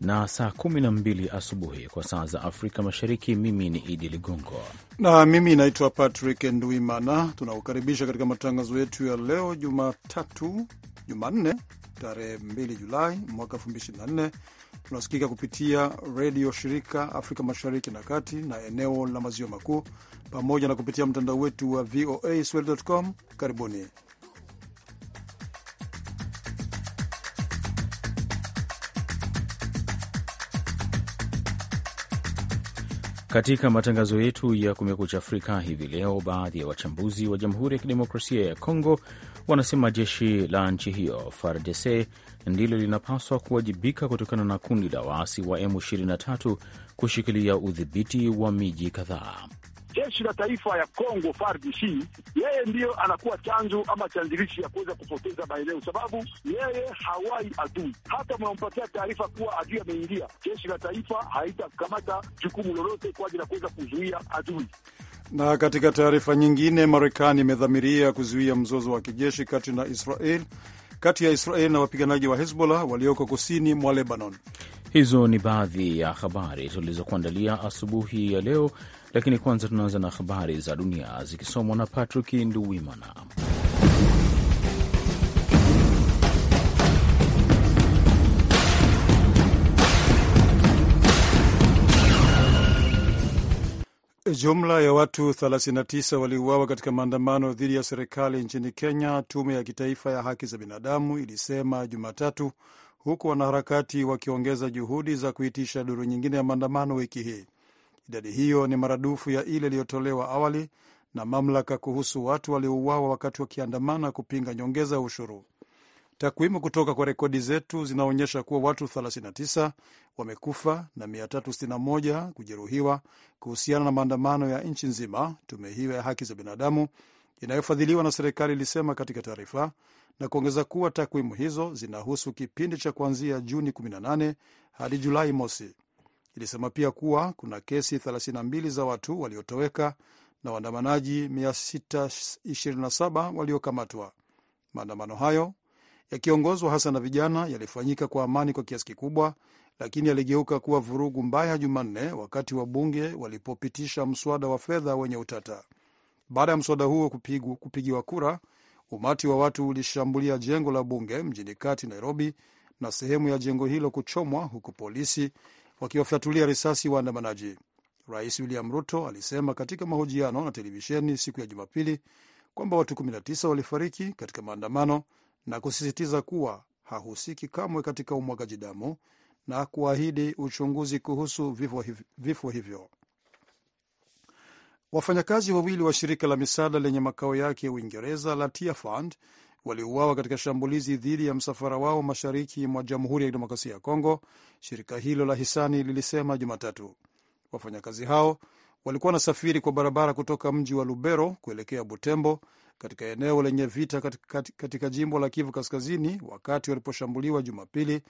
na saa 12 asubuhi kwa saa za Afrika Mashariki. Mimi ni Idi Ligongo na mimi naitwa Patrick Nduimana. Tunakukaribisha katika matangazo yetu ya leo Jumatatu, Jumanne tarehe 2 Julai mwaka 2024. Tunasikika kupitia redio shirika Afrika Mashariki na Kati na eneo la Maziwa Makuu, pamoja na kupitia mtandao wetu wa VOA Swahili.com. Karibuni. Katika matangazo yetu ya Kumekucha Afrika hivi leo, baadhi ya wachambuzi wa Jamhuri ya Kidemokrasia ya Kongo wanasema jeshi la nchi hiyo FARDC ndilo linapaswa kuwajibika kutokana na kundi la waasi wa M23 kushikilia udhibiti wa miji kadhaa jeshi la taifa ya Kongo FARDC, yeye ndiyo anakuwa chanzo ama chanzilishi ya kuweza kupoteza maeneo, sababu yeye hawai adui. Hata mnampatia taarifa kuwa adui ameingia, jeshi la taifa haitakamata jukumu lolote kwa ajili ya kuweza kuzuia adui. Na katika taarifa nyingine, Marekani imedhamiria kuzuia mzozo wa kijeshi kati na Israel kati ya Israel na wapiganaji wa Hezbollah walioko kusini mwa Lebanon. Hizo ni baadhi ya habari tulizokuandalia asubuhi ya leo lakini kwanza tunaanza na habari za dunia zikisomwa na Patrick Nduwimana. Jumla ya watu 39 waliuawa katika maandamano dhidi ya serikali nchini Kenya, tume ya kitaifa ya haki za binadamu ilisema Jumatatu, huku wanaharakati wakiongeza juhudi za kuitisha duru nyingine ya maandamano wiki hii. Idadi hiyo ni maradufu ya ile iliyotolewa awali na mamlaka kuhusu watu waliouawa wakati wakiandamana kupinga nyongeza ya ushuru. Takwimu kutoka kwa rekodi zetu zinaonyesha kuwa watu 39 wamekufa na 361 kujeruhiwa kuhusiana na maandamano ya nchi nzima, tume hiyo ya haki za binadamu inayofadhiliwa na serikali ilisema katika taarifa, na kuongeza kuwa takwimu hizo zinahusu kipindi cha kuanzia Juni 18 hadi Julai mosi ilisema pia kuwa kuna kesi 32 za watu waliotoweka na waandamanaji 627 waliokamatwa. Maandamano hayo yakiongozwa hasa na vijana yalifanyika kwa amani kwa kiasi kikubwa, lakini yaligeuka kuwa vurugu mbaya Jumanne wakati wabunge walipopitisha mswada wa fedha wenye utata. Baada ya mswada huo kupigu, kupigiwa kura, umati wa watu ulishambulia jengo la bunge mjini kati Nairobi, na sehemu ya jengo hilo kuchomwa, huku polisi wakiwafyatulia risasi waandamanaji. Rais William Ruto alisema katika mahojiano na televisheni siku ya Jumapili kwamba watu 19 walifariki katika maandamano na kusisitiza kuwa hahusiki kamwe katika umwagaji damu na kuahidi uchunguzi kuhusu vifo hivyo, hivyo. Wafanyakazi wawili wa shirika la misaada lenye makao yake Uingereza la Tear Fund waliuawa katika shambulizi dhidi ya msafara wao mashariki mwa Jamhuri ya Kidemokrasia ya Kongo, shirika hilo la hisani lilisema Jumatatu. Wafanyakazi hao walikuwa wanasafiri kwa barabara kutoka mji wa Lubero kuelekea Butembo katika eneo lenye vita katika, katika jimbo la Kivu Kaskazini wakati waliposhambuliwa Jumapili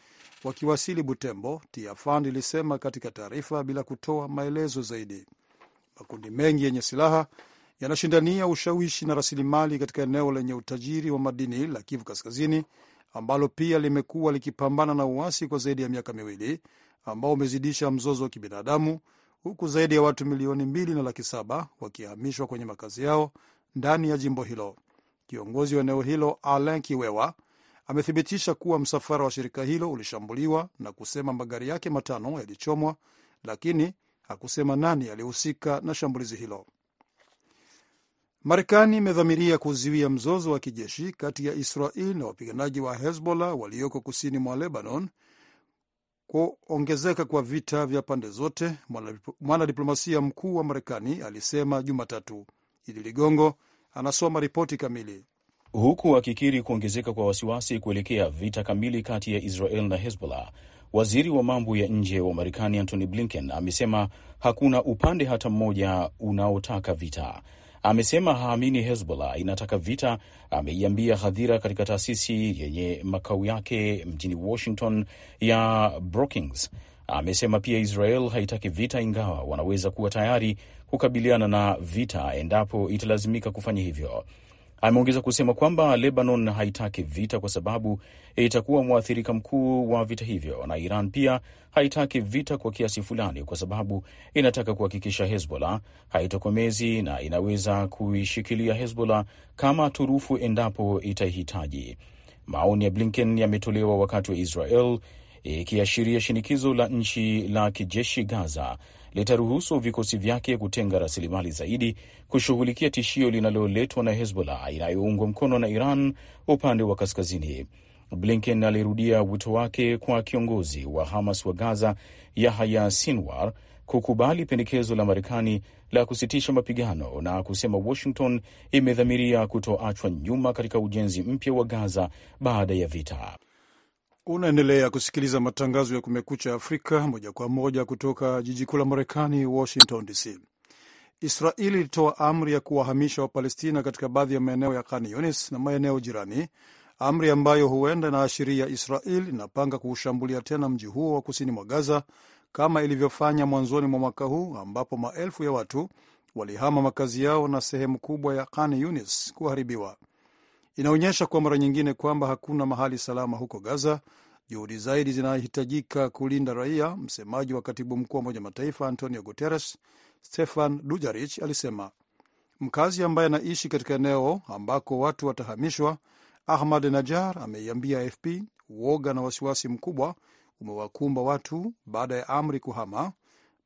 wakiwasili Butembo, Tiafand ilisema katika taarifa bila kutoa maelezo zaidi. Makundi mengi yenye silaha yanashindania ushawishi na rasilimali katika eneo lenye utajiri wa madini la Kivu Kaskazini ambalo pia limekuwa likipambana na uasi kwa zaidi ya miaka miwili ambao umezidisha mzozo wa kibinadamu huku zaidi ya watu milioni mbili na laki saba wakihamishwa kwenye makazi yao ndani ya jimbo hilo. Kiongozi wa eneo hilo Alain Kiwewa amethibitisha kuwa msafara wa shirika hilo ulishambuliwa na kusema magari yake matano yalichomwa, lakini hakusema nani alihusika na shambulizi hilo. Marekani imedhamiria kuzuia mzozo wa kijeshi kati ya Israel na wapiganaji wa Hezbollah walioko kusini mwa Lebanon. Kuongezeka kwa vita vya pande zote, mwanadiplomasia mkuu wa Marekani alisema Jumatatu. Idi Ligongo anasoma ripoti kamili. Huku akikiri kuongezeka kwa wasiwasi kuelekea vita kamili kati ya Israel na Hezbollah, waziri wa mambo ya nje wa Marekani Antony Blinken amesema hakuna upande hata mmoja unaotaka vita amesema haamini Hezbollah inataka vita. Ameiambia hadhira katika taasisi yenye makao yake mjini Washington ya Brookings. Amesema pia Israel haitaki vita, ingawa wanaweza kuwa tayari kukabiliana na vita endapo italazimika kufanya hivyo. Ameongeza kusema kwamba Lebanon haitaki vita kwa sababu itakuwa mwathirika mkuu wa vita hivyo, na Iran pia haitaki vita kwa kiasi fulani kwa sababu inataka kuhakikisha Hezbollah haitokomezi na inaweza kuishikilia Hezbollah kama turufu endapo itahitaji. Maoni ya Blinken yametolewa wakati wa Israel ikiashiria shinikizo la nchi la kijeshi Gaza litaruhusu vikosi vyake kutenga rasilimali zaidi kushughulikia tishio linaloletwa na Hezbollah inayoungwa mkono na Iran upande wa kaskazini. Blinken alirudia wito wake kwa kiongozi wa Hamas wa Gaza Yahya Sinwar kukubali pendekezo la Marekani la kusitisha mapigano na kusema Washington imedhamiria kutoachwa nyuma katika ujenzi mpya wa Gaza baada ya vita. Unaendelea kusikiliza matangazo ya Kumekucha Afrika moja kwa moja kutoka jiji kuu la Marekani, Washington DC. Israeli ilitoa amri ya kuwahamisha Wapalestina katika baadhi ya maeneo ya Khan Yunis na maeneo jirani, amri ambayo huenda na ashiria Israel inapanga kuushambulia tena mji huo wa kusini mwa Gaza kama ilivyofanya mwanzoni mwa mwaka huu ambapo maelfu ya watu walihama makazi yao na sehemu kubwa ya Khan Yunis kuharibiwa inaonyesha kwa mara nyingine kwamba hakuna mahali salama huko Gaza. Juhudi zaidi zinahitajika kulinda raia, msemaji wa katibu mkuu wa Umoja Mataifa Antonio Guterres Stefan dujarich alisema. Mkazi ambaye anaishi katika eneo ambako watu watahamishwa, Ahmad Najar ameiambia AFP uoga na wasiwasi mkubwa umewakumba watu baada ya amri kuhama.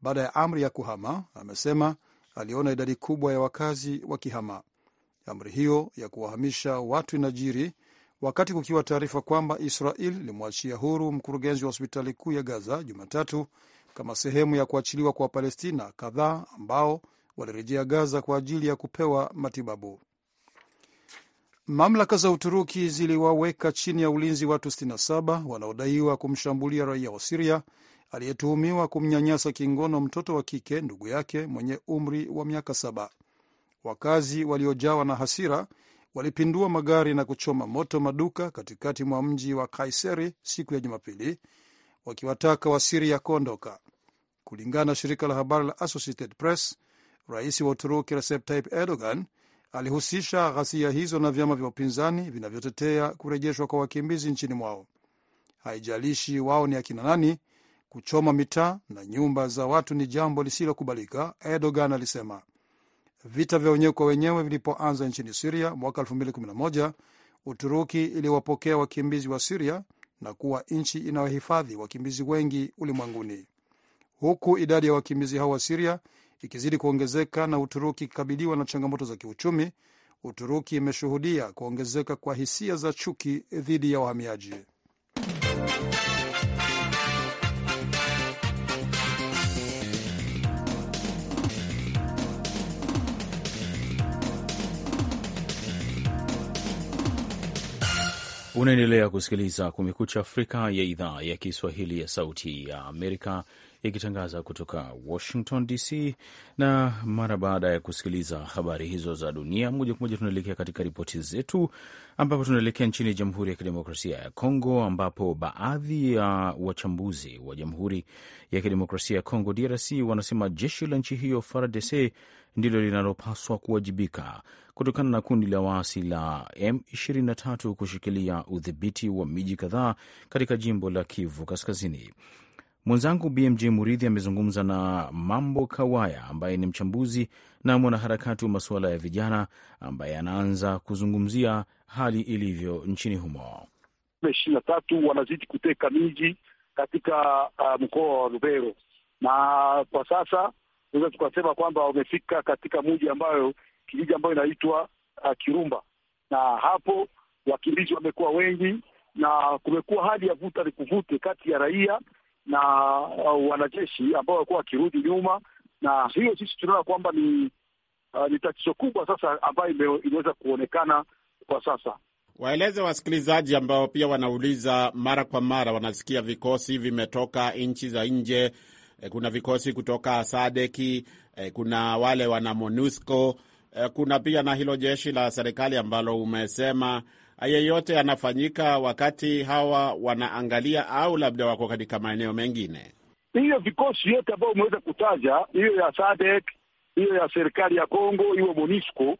Baada ya amri ya kuhama, amesema aliona idadi kubwa ya wakazi wakihama. Amri hiyo ya kuwahamisha watu inajiri wakati kukiwa taarifa kwamba Israel ilimwachia huru mkurugenzi wa hospitali kuu ya Gaza Jumatatu kama sehemu ya kuachiliwa kwa Wapalestina kadhaa ambao walirejea Gaza kwa ajili ya kupewa matibabu. Mamlaka za Uturuki ziliwaweka chini ya ulinzi watu 67 wanaodaiwa kumshambulia raia wa Siria aliyetuhumiwa kumnyanyasa kingono mtoto wa kike ndugu yake mwenye umri wa miaka saba. Wakazi waliojawa na hasira walipindua magari na kuchoma moto maduka katikati mwa mji wa Kaiseri siku ya Jumapili, wakiwataka Wasiria kuondoka. Kulingana na shirika la habari la Associated Press, rais wa Uturuki Recep Tayyip Erdogan alihusisha ghasia hizo na vyama vya upinzani vinavyotetea kurejeshwa kwa wakimbizi nchini mwao. Haijalishi wao ni akina nani, kuchoma mitaa na nyumba za watu ni jambo lisilokubalika, Erdogan alisema. Vita vya wenyewe kwa wenyewe vilipoanza nchini Siria mwaka 2011 Uturuki iliwapokea wakimbizi wa Siria na kuwa nchi inayohifadhi wakimbizi wengi ulimwenguni, huku idadi ya wakimbizi hao wa Siria ikizidi kuongezeka na Uturuki ikikabiliwa na changamoto za kiuchumi. Uturuki imeshuhudia kuongezeka kwa hisia za chuki dhidi ya wahamiaji. Unaendelea kusikiliza Kumekucha Afrika ya idhaa ya Kiswahili ya Sauti ya Amerika ikitangaza kutoka Washington DC. Na mara baada ya kusikiliza habari hizo za dunia, moja kwa moja tunaelekea katika ripoti zetu, ambapo tunaelekea nchini Jamhuri ya Kidemokrasia ya Kongo, ambapo baadhi ya wachambuzi wa Jamhuri ya Kidemokrasia ya Kongo, DRC, wanasema jeshi la nchi hiyo FARDC ndilo linalopaswa kuwajibika kutokana na kundi la waasi la M23 kushikilia udhibiti wa miji kadhaa katika jimbo la Kivu Kaskazini. Mwenzangu BMJ Muridhi amezungumza na Mambo Kawaya ambaye ni mchambuzi na mwanaharakati wa masuala ya vijana ambaye anaanza kuzungumzia hali ilivyo nchini humo. ishirini na tatu wanazidi kuteka miji katika uh, mkoa wa Rubero na kwa sasa tunaweza tukasema kwamba wamefika katika mji ambayo kijiji ambayo inaitwa uh, Kirumba, na hapo wakimbizi wamekuwa wengi na kumekuwa hali ya vuta ni kuvute kati ya raia na uh, wanajeshi ambao walikuwa wakirudi nyuma, na hiyo sisi tunaona kwamba ni uh, ni tatizo kubwa sasa ambayo imeweza kuonekana kwa sasa. Waeleze wasikilizaji ambao pia wanauliza mara kwa mara, wanasikia vikosi vimetoka nchi za nje. Eh, kuna vikosi kutoka Sadeki, eh, kuna wale wana MONUSCO Eh, kuna pia na hilo jeshi la serikali ambalo umesema ah, yeyote yanafanyika wakati hawa wanaangalia au labda wako katika maeneo mengine. Hiyo vikosi yote ambayo umeweza kutaja, hiyo ya SADC, hiyo ya serikali ya Kongo, hiyo MONUSCO,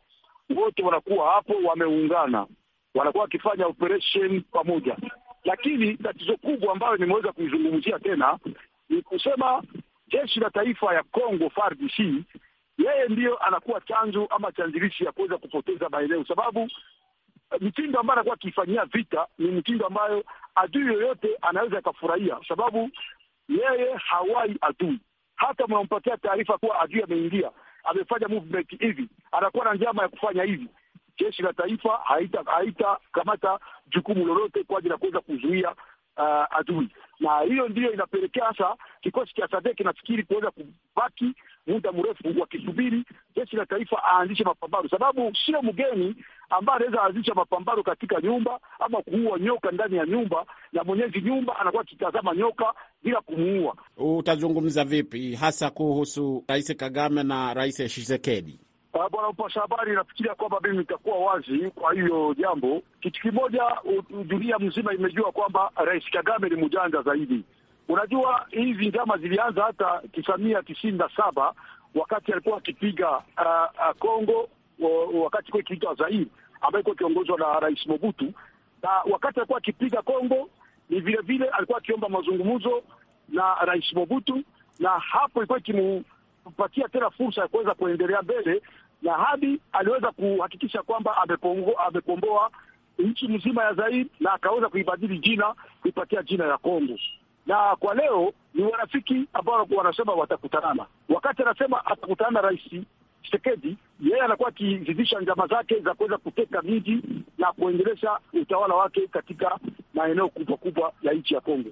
wote wanakuwa hapo, wameungana, wanakuwa wakifanya operation pamoja. Lakini tatizo kubwa ambayo nimeweza kuizungumzia tena ni kusema jeshi la taifa ya Kongo FARDC yeye ndiyo anakuwa chanzo ama chanzilishi ya kuweza kupoteza maeneo, sababu eh, mitindo ambayo anakuwa akifanyia vita ni mitindo ambayo adui yoyote anaweza akafurahia, sababu yeye hawai adui. Hata mnampatia taarifa kuwa adui ameingia, amefanya movement hivi, anakuwa na njama ya kufanya hivi, jeshi la taifa haita kamata jukumu lolote kwa ajili ya kuweza kuzuia uh, adui na hiyo ndiyo inapelekea sasa kikosi cha SADC kinafikiri kuweza kubaki muda mrefu wakisubiri jeshi la taifa aanzishe mapambano, sababu sio mgeni ambaye anaweza aanzisha mapambano katika nyumba ama kuua nyoka ndani ya nyumba, na mwenyezi nyumba anakuwa akitazama nyoka bila kumuua. Utazungumza vipi hasa kuhusu Rais Kagame na Rais Tshisekedi? bwana upasha habari, nafikiria kwamba mimi nitakuwa wazi kwa hiyo jambo. Kitu kimoja, dunia mzima imejua kwamba Rais Kagame ni mjanja zaidi. Unajua, hizi njama zilianza hata tisamia tisini na saba wakati alikuwa akipiga Kongo, wakati kuwa ikiitwa Zaire ambayo ikuwa ikiongozwa na Rais Mobutu, na wakati alikuwa akipiga Kongo ni vile vile alikuwa akiomba mazungumzo na Rais Mobutu, na hapo ilikuwa ikimpatia tena fursa ya kuweza kuendelea mbele na hadi aliweza kuhakikisha kwamba amekomboa nchi mzima ya Zaire na akaweza kuibadili jina, kuipatia jina ya Kongo. Na kwa leo ni warafiki ambao wanasema watakutanana. Wakati anasema atakutana na rais Tshisekedi, yeye anakuwa akizidisha njama zake za kuweza kuteka miji na kuendelesha utawala wake katika maeneo kubwa kubwa ya nchi ya Kongo.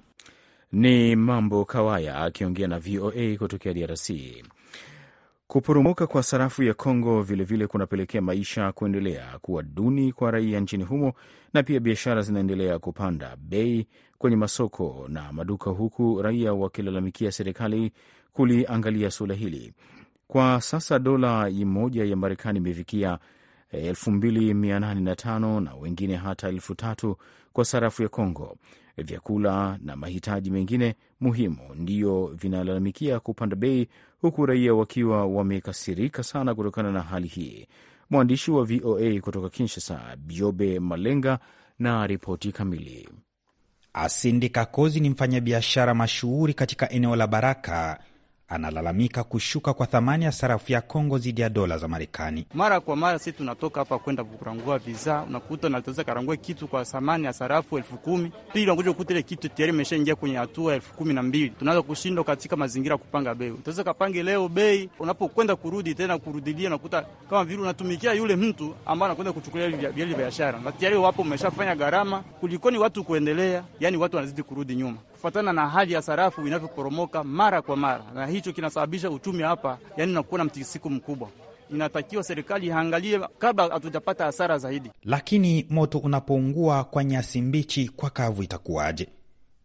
Ni Mambo Kawaya akiongea na VOA kutokea DRC. Kuporomoka kwa sarafu ya Kongo vilevile kunapelekea maisha kuendelea kuwa duni kwa raia nchini humo, na pia biashara zinaendelea kupanda bei kwenye masoko na maduka, huku raia wakilalamikia serikali kuliangalia suala hili. Kwa sasa dola moja ya Marekani imefikia 2805 na wengine hata 3000 kwa sarafu ya Kongo. Vyakula na mahitaji mengine muhimu ndiyo vinalalamikia kupanda bei, huku raia wakiwa wamekasirika sana kutokana na hali hii. Mwandishi wa VOA kutoka Kinshasa, Biobe Malenga na ripoti kamili. asindi kakozi ni mfanyabiashara mashuhuri katika eneo la Baraka analalamika kushuka kwa thamani ya sarafu ya Kongo dhidi ya dola za Marekani. Mara kwa mara si tunatoka hapa kwenda kurangua viza, unakuta nataweza karangua kitu kwa thamani ya sarafu elfu kumi pili unakuja kukuta ile kitu tayari imeshaingia kwenye hatua elfu kumi na mbili Tunaweza kushindwa katika mazingira ya kupanga bei. Utaweza kapange leo bei, unapokwenda kurudi tena kurudilia, unakuta kama vile unatumikia yule mtu ambaye anakwenda kuchukulia vile biashara, na tayari wapo umeshafanya gharama. Kulikoni watu kuendelea, yani watu wanazidi kurudi nyuma kufuatana na hali ya sarafu inavyoporomoka mara kwa mara, na hicho kinasababisha uchumi hapa yani nakuwa na mtikisiko mkubwa. Inatakiwa serikali iangalie kabla hatujapata hasara zaidi. Lakini moto unapoungua kwa nyasi mbichi, kwa kavu itakuwaje?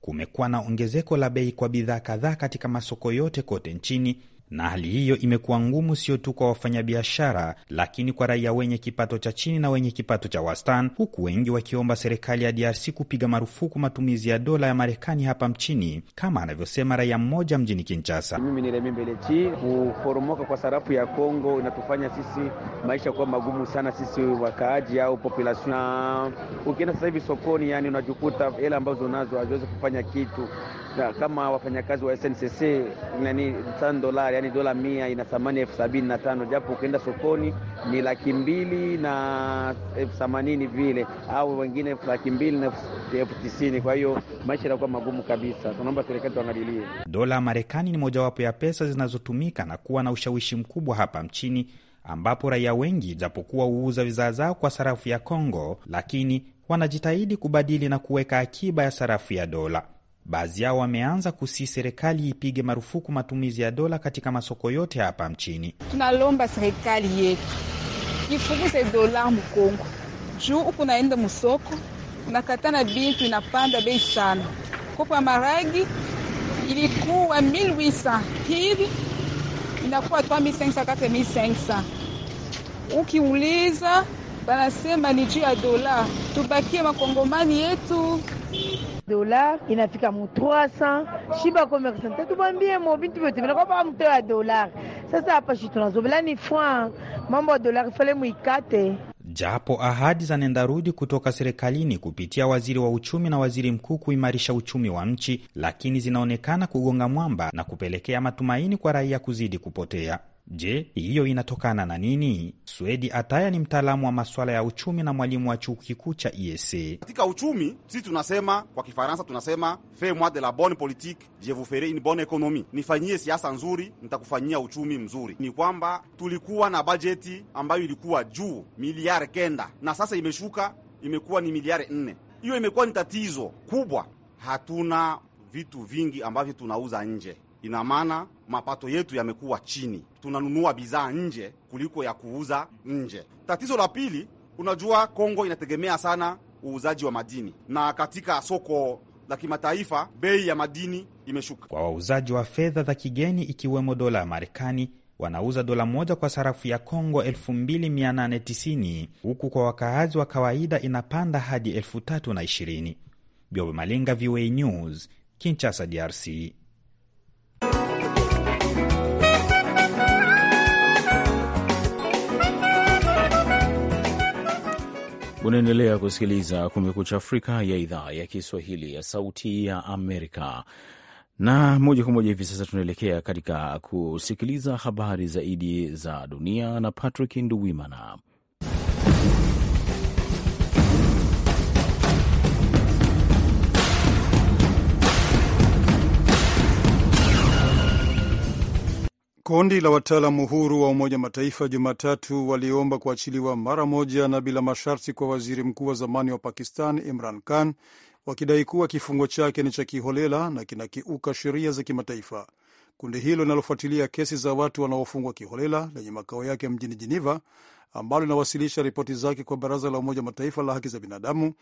Kumekuwa na ongezeko la bei kwa bidhaa kadhaa katika masoko yote kote nchini na hali hiyo imekuwa ngumu sio tu kwa wafanyabiashara, lakini kwa raia wenye kipato cha chini na wenye kipato cha wastani, huku wengi wakiomba serikali ya DRC kupiga marufuku matumizi ya dola ya Marekani hapa mchini, kama anavyosema raia mmoja mjini Kinshasa. Mimi ni Remi Belechi. Kuporomoka kwa sarafu ya Kongo inatufanya sisi maisha kuwa magumu sana, sisi wakaaji au population. Ukienda sasa hivi sokoni, yani unajikuta hela ambazo unazo haziwezi kufanya kitu na kama wafanyakazi wa SNCC nani tano dola, yani dola mia ina thamani elfu sabini na tano japo ukienda sokoni ni laki mbili na elfu themanini vile, au wengine laki mbili na elfu tisini Kwa hiyo maisha yanakuwa magumu kabisa. Tunaomba serikali tuangalilie. Dola ya Marekani ni mojawapo ya pesa zinazotumika na kuwa na ushawishi mkubwa hapa mchini ambapo raia wengi japokuwa huuza bidhaa zao kwa sarafu ya Kongo, lakini wanajitahidi kubadili na kuweka akiba ya sarafu ya dola. Baadhi yao wameanza kusii serikali ipige marufuku matumizi ya dola katika masoko yote hapa mchini. Tunalomba serikali yetu ifukuze dola mkongo juu huku naenda msoko nakatana bintu inapanda bei sana. Kopo ya maragi ilikuwa 1800 hivi inakuwa 3500 ukiuliza wanasema ni juu ya dola. Tubakie makongomani yetu, dola inafika mu 300 shiba komersante, tubambie mo bintu vyote vinakwapa mto ya dola. Sasa hapa shi tunazobela ni fran, mambo ya dola fale muikate Japo ahadi za nenda rudi kutoka serikalini kupitia waziri wa uchumi na waziri mkuu kuimarisha uchumi wa nchi, lakini zinaonekana kugonga mwamba na kupelekea matumaini kwa raia kuzidi kupotea. Je, hiyo inatokana na nini? Swedi Ataya ni mtaalamu wa masuala ya uchumi na mwalimu wa chuo kikuu cha ESA. Katika uchumi sisi tunasema kwa Kifaransa tunasema fais moi de la bonne politique je vous ferai une bonne economie, nifanyie siasa nzuri nitakufanyia uchumi mzuri. Ni kwamba tulikuwa na bajeti ambayo ilikuwa juu miliari kenda na sasa imeshuka imekuwa ni miliari nne. Hiyo imekuwa ni tatizo kubwa, hatuna vitu vingi ambavyo tunauza nje ina maana mapato yetu yamekuwa chini, tunanunua bidhaa nje kuliko ya kuuza nje. Tatizo la pili, unajua Kongo inategemea sana uuzaji wa madini, na katika soko la kimataifa bei ya madini imeshuka. Kwa wauzaji wa fedha za kigeni ikiwemo dola ya Marekani wanauza dola moja kwa sarafu ya Kongo 2890 huku kwa wakaazi wa kawaida inapanda hadi 3020. Biobe Malinga, VOA News, Kinshasa, DRC. Unaendelea kusikiliza Kumekucha Afrika ya idhaa ya Kiswahili ya Sauti ya Amerika, na moja kwa moja hivi sasa tunaelekea katika kusikiliza habari zaidi za dunia na Patrick Nduwimana. Kundi la wataalamu huru wa Umoja Mataifa Jumatatu waliomba kuachiliwa mara moja na bila masharti kwa waziri mkuu wa zamani wa Pakistan Imran Khan, wakidai kuwa kifungo chake ni cha kiholela na kinakiuka sheria za kimataifa. Kundi hilo linalofuatilia kesi za watu wanaofungwa kiholela lenye makao yake mjini jiniva ambalo linawasilisha ripoti zake kwa Baraza la Umoja Mataifa la Haki za Binadamu,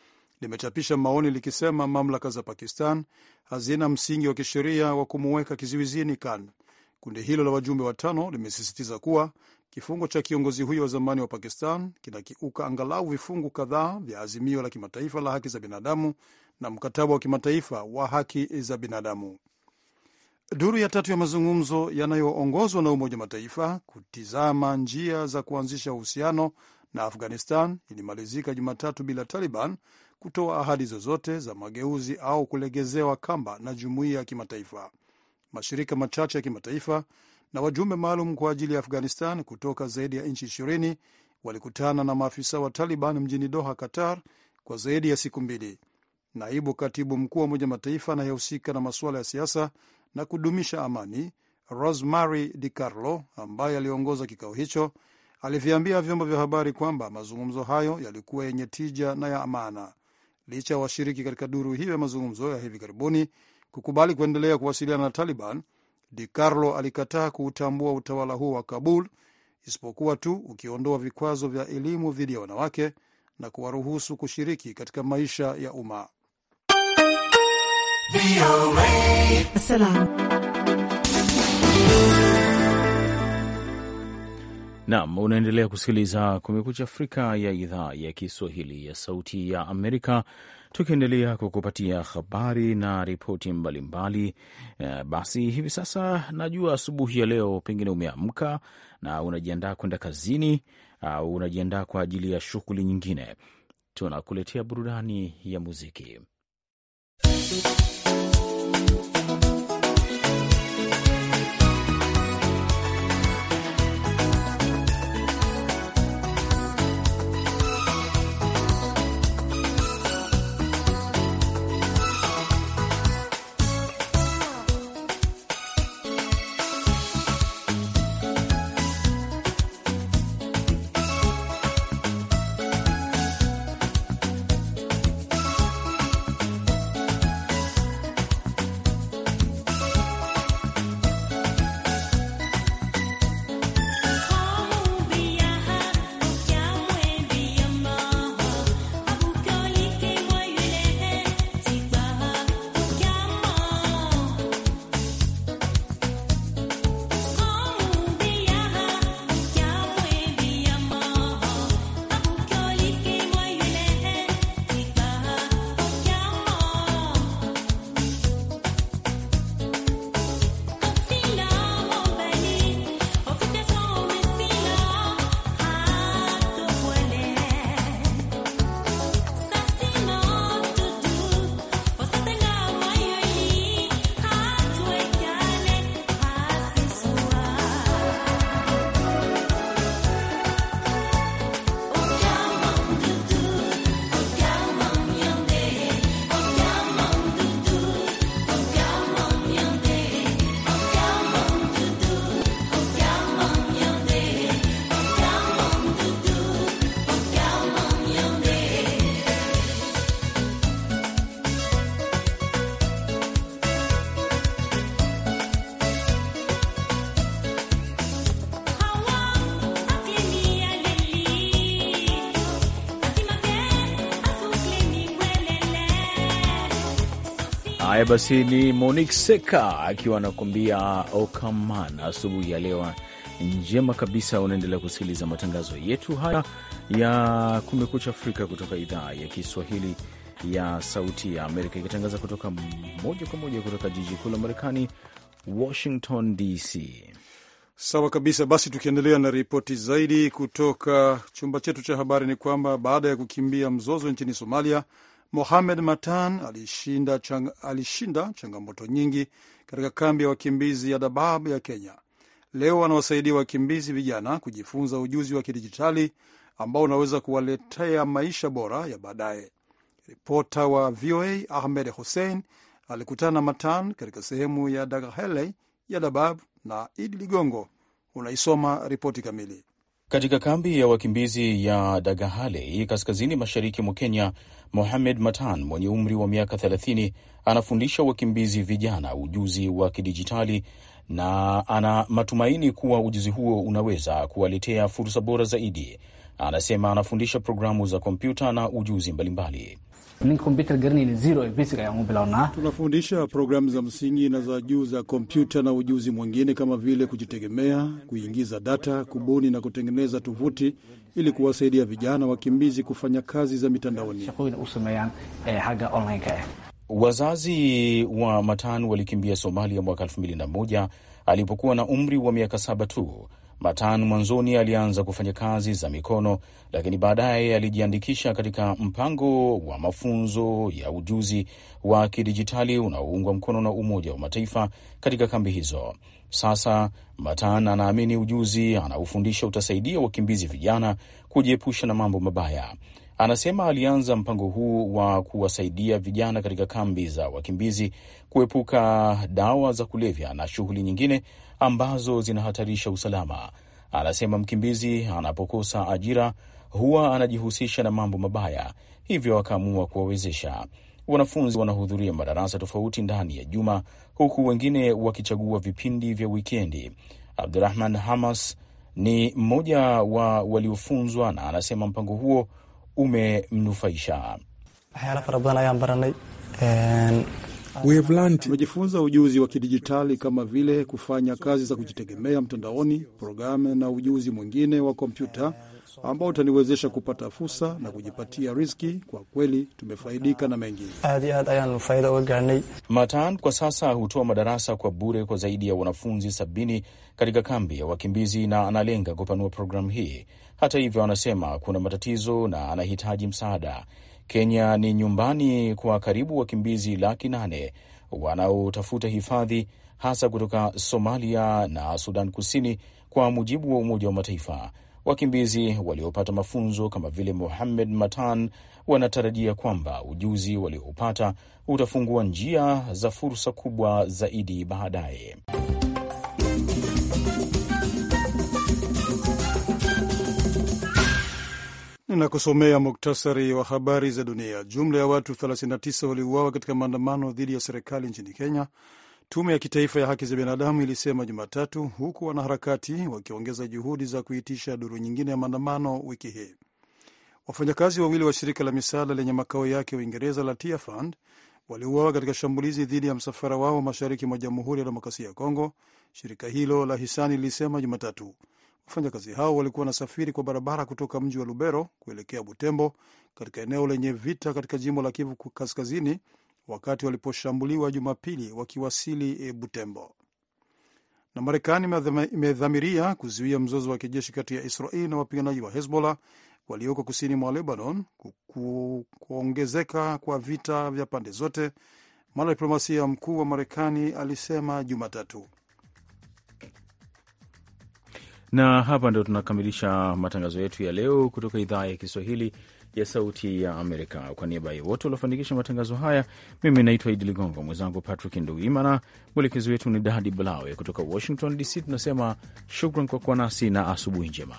limechapisha maoni likisema mamlaka za Pakistan hazina msingi wa kisheria wa kumuweka kizuizini Khan. Kundi hilo la wajumbe watano limesisitiza kuwa kifungo cha kiongozi huyo wa zamani wa Pakistan kinakiuka angalau vifungu kadhaa vya azimio la kimataifa la haki za binadamu na mkataba wa kimataifa wa haki za binadamu. Duru ya tatu ya mazungumzo yanayoongozwa na Umoja Mataifa kutizama njia za kuanzisha uhusiano na Afghanistan ilimalizika Jumatatu bila Taliban kutoa ahadi zozote za mageuzi au kulegezewa kamba na jumuiya ya kimataifa mashirika machache ya kimataifa na wajumbe maalum kwa ajili ya Afghanistan kutoka zaidi ya nchi ishirini walikutana na maafisa wa Taliban mjini Doha, Qatar, kwa zaidi ya siku mbili. Naibu katibu mkuu wa Umoja Mataifa anayehusika na masuala ya siasa na kudumisha amani Rosemary Di Carlo, ambaye aliongoza kikao hicho, aliviambia vyombo vya habari kwamba mazungumzo hayo yalikuwa yenye tija na ya amana. Licha ya washiriki katika duru hiyo ya mazungumzo ya hivi karibuni kukubali kuendelea kuwasiliana na Taliban. Di Carlo alikataa kuutambua utawala huo wa Kabul isipokuwa tu ukiondoa vikwazo vya elimu dhidi ya wanawake na kuwaruhusu kushiriki katika maisha ya umma. Naam, unaendelea kusikiliza Kumekucha Afrika ya idhaa ya Kiswahili ya Sauti ya Amerika tukiendelea kukupatia habari na ripoti mbalimbali. E, basi hivi sasa najua asubuhi ya leo pengine umeamka na unajiandaa kwenda kazini au unajiandaa kwa ajili ya shughuli nyingine, tunakuletea burudani ya muziki basi ni Monique Seka akiwa anakuambia Okaman asubuhi ya leo njema kabisa. Unaendelea kusikiliza matangazo yetu haya ya Kumekucha Afrika kutoka idhaa ya Kiswahili ya Sauti ya Amerika, ikitangaza kutoka moja kwa moja kutoka jiji kuu la Marekani, Washington DC. Sawa kabisa. Basi tukiendelea na ripoti zaidi kutoka chumba chetu cha habari, ni kwamba baada ya kukimbia mzozo nchini Somalia, Mohamed Matan alishinda, chang, alishinda changamoto nyingi katika kambi ya wakimbizi ya Dadaab ya Kenya. Leo anawasaidia wakimbizi vijana kujifunza ujuzi wa kidijitali ambao unaweza kuwaletea maisha bora ya baadaye. Ripota wa VOA Ahmed Hussein alikutana na Matan katika sehemu ya Dagahele ya Dabab na Idi Ligongo unaisoma ripoti kamili. Katika kambi ya wakimbizi ya Dagahale kaskazini mashariki mwa Kenya, Mohamed Matan mwenye umri wa miaka 30 anafundisha wakimbizi vijana ujuzi wa kidijitali na ana matumaini kuwa ujuzi huo unaweza kuwaletea fursa bora zaidi. Anasema anafundisha programu za kompyuta na ujuzi mbalimbali. Tunafundisha programu za msingi na za juu za kompyuta na ujuzi mwingine kama vile kujitegemea, kuingiza data, kubuni na kutengeneza tovuti ili kuwasaidia vijana wakimbizi kufanya kazi za mitandaoni. Eh, Wazazi wa Matan walikimbia Somalia mwaka 2001 alipokuwa na umri wa miaka saba tu. Matan mwanzoni alianza kufanya kazi za mikono, lakini baadaye alijiandikisha katika mpango wa mafunzo ya ujuzi wa kidijitali unaoungwa mkono na Umoja wa Mataifa katika kambi hizo. Sasa Matan anaamini ujuzi anaofundisha utasaidia wakimbizi vijana kujiepusha na mambo mabaya. Anasema alianza mpango huu wa kuwasaidia vijana katika kambi za wakimbizi kuepuka dawa za kulevya na shughuli nyingine ambazo zinahatarisha usalama. Anasema mkimbizi anapokosa ajira huwa anajihusisha na mambo mabaya, hivyo akaamua kuwawezesha wanafunzi. Wanahudhuria madarasa tofauti ndani ya juma, huku wengine wakichagua vipindi vya wikendi. Abdurahman Hamas ni mmoja wa waliofunzwa na anasema mpango huo umemnufaisha. fara badan ayaan baranay eh, Tumejifunza ujuzi wa kidijitali kama vile kufanya kazi za kujitegemea mtandaoni, programu na ujuzi mwingine wa kompyuta ambao utaniwezesha kupata fursa na kujipatia riski. Kwa kweli tumefaidika na mengi. Matan kwa sasa hutoa madarasa kwa bure kwa zaidi ya wanafunzi sabini katika kambi ya wakimbizi na analenga kupanua programu hii. Hata hivyo, anasema kuna matatizo na anahitaji msaada. Kenya ni nyumbani kwa karibu wakimbizi laki nane wanaotafuta hifadhi hasa kutoka Somalia na Sudan Kusini, kwa mujibu wa Umoja wa Mataifa. Wakimbizi waliopata mafunzo kama vile Mohamed Matan wanatarajia kwamba ujuzi walioupata utafungua njia za fursa kubwa zaidi baadaye. Ninakusomea muktasari wa habari za dunia. Jumla ya watu 39 waliuawa katika maandamano dhidi ya serikali nchini Kenya, tume ya kitaifa ya haki za binadamu ilisema Jumatatu, huku wanaharakati wakiongeza juhudi za kuitisha duru nyingine ya maandamano wiki hii. Wafanyakazi wawili wa shirika la misaada lenye makao yake Uingereza la Tear Fund waliuawa katika shambulizi dhidi ya msafara wao mashariki mwa Jamhuri ya Demokrasia ya Kongo, shirika hilo la hisani lilisema Jumatatu. Wafanyakazi hao walikuwa wanasafiri kwa barabara kutoka mji wa Lubero kuelekea Butembo katika eneo lenye vita katika jimbo la Kivu Kaskazini wakati waliposhambuliwa Jumapili wakiwasili eh, Butembo. Na Marekani imedhamiria kuzuia mzozo wa kijeshi kati ya israel na wapiganaji wa Hezbollah walioko kusini mwa Lebanon kuongezeka kwa vita vya pande zote, mwanadiplomasia mkuu wa Marekani alisema Jumatatu. Na hapa ndio tunakamilisha matangazo yetu ya leo kutoka idhaa ya Kiswahili ya Sauti ya Amerika. Kwa niaba ya wote waliofanikisha matangazo haya, mimi naitwa Idi Ligongo, mwenzangu Patrick Nduimana, mwelekezi wetu ni Dadi Blawe. Kutoka Washington DC tunasema shukran kwa kuwa nasi na asubuhi njema.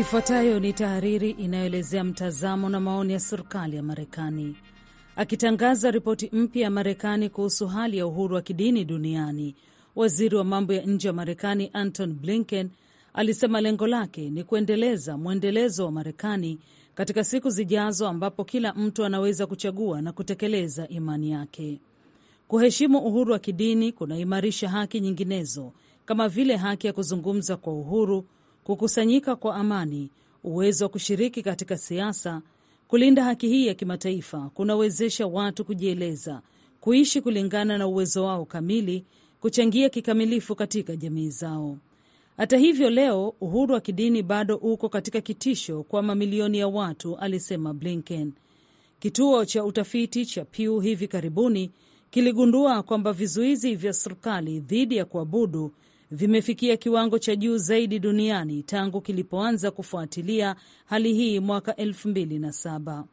Ifuatayo ni tahariri inayoelezea mtazamo na maoni ya serikali ya Marekani. Akitangaza ripoti mpya ya Marekani kuhusu hali ya uhuru wa kidini duniani, waziri wa mambo ya nje wa Marekani Anton Blinken alisema lengo lake ni kuendeleza mwendelezo wa Marekani katika siku zijazo, ambapo kila mtu anaweza kuchagua na kutekeleza imani yake. Kuheshimu uhuru wa kidini kunaimarisha haki nyinginezo kama vile haki ya kuzungumza kwa uhuru, kukusanyika kwa amani, uwezo wa kushiriki katika siasa. Kulinda haki hii ya kimataifa kunawezesha watu kujieleza, kuishi kulingana na uwezo wao kamili, kuchangia kikamilifu katika jamii zao. Hata hivyo, leo uhuru wa kidini bado uko katika kitisho kwa mamilioni ya watu, alisema Blinken. Kituo cha utafiti cha Pew hivi karibuni kiligundua kwamba vizuizi vya serikali dhidi ya kuabudu vimefikia kiwango cha juu zaidi duniani tangu kilipoanza kufuatilia hali hii mwaka 2007.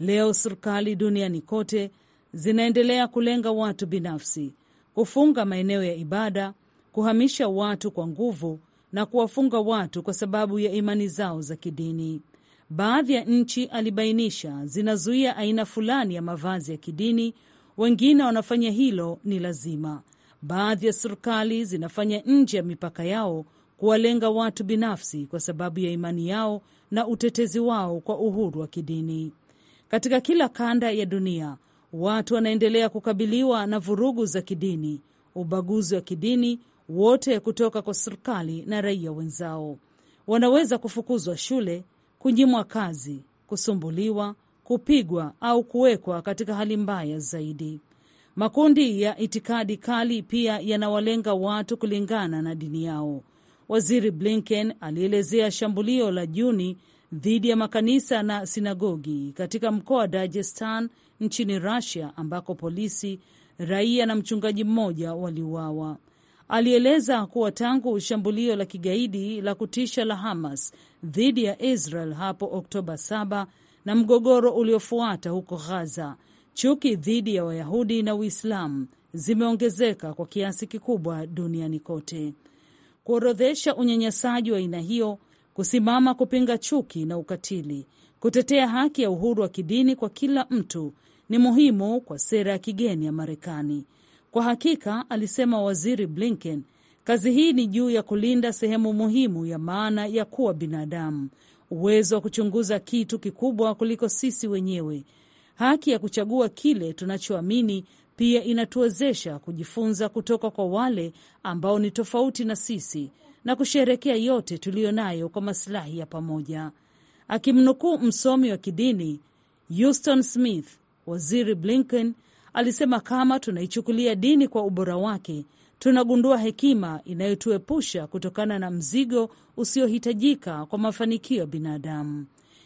Leo serikali duniani kote zinaendelea kulenga watu binafsi, kufunga maeneo ya ibada, kuhamisha watu kwa nguvu na kuwafunga watu kwa sababu ya imani zao za kidini. Baadhi ya nchi, alibainisha, zinazuia aina fulani ya mavazi ya kidini. Wengine wanafanya hilo ni lazima, Baadhi ya serikali zinafanya nje ya mipaka yao kuwalenga watu binafsi kwa sababu ya imani yao na utetezi wao kwa uhuru wa kidini. Katika kila kanda ya dunia, watu wanaendelea kukabiliwa na vurugu za kidini, ubaguzi wa kidini, wote kutoka kwa serikali na raia wenzao. Wanaweza kufukuzwa shule, kunyimwa kazi, kusumbuliwa, kupigwa au kuwekwa katika hali mbaya zaidi. Makundi ya itikadi kali pia yanawalenga watu kulingana na dini yao. Waziri Blinken alielezea shambulio la Juni dhidi ya makanisa na sinagogi katika mkoa wa Dagestan nchini Russia, ambako polisi, raia na mchungaji mmoja waliuawa. Alieleza kuwa tangu shambulio la kigaidi la kutisha la Hamas dhidi ya Israel hapo Oktoba 7 na mgogoro uliofuata huko ghaza Chuki dhidi ya Wayahudi na Uislamu zimeongezeka kwa kiasi kikubwa duniani kote. Kuorodhesha unyanyasaji wa aina hiyo, kusimama kupinga chuki na ukatili, kutetea haki ya uhuru wa kidini kwa kila mtu ni muhimu kwa sera ya kigeni ya Marekani. Kwa hakika, alisema Waziri Blinken, kazi hii ni juu ya kulinda sehemu muhimu ya maana ya kuwa binadamu, uwezo wa kuchunguza kitu kikubwa kuliko sisi wenyewe Haki ya kuchagua kile tunachoamini pia inatuwezesha kujifunza kutoka kwa wale ambao ni tofauti na sisi na kusherekea yote tuliyo nayo kwa masilahi ya pamoja. Akimnukuu msomi wa kidini Houston Smith, Waziri Blinken alisema kama tunaichukulia dini kwa ubora wake, tunagundua hekima inayotuepusha kutokana na mzigo usiohitajika kwa mafanikio ya binadamu.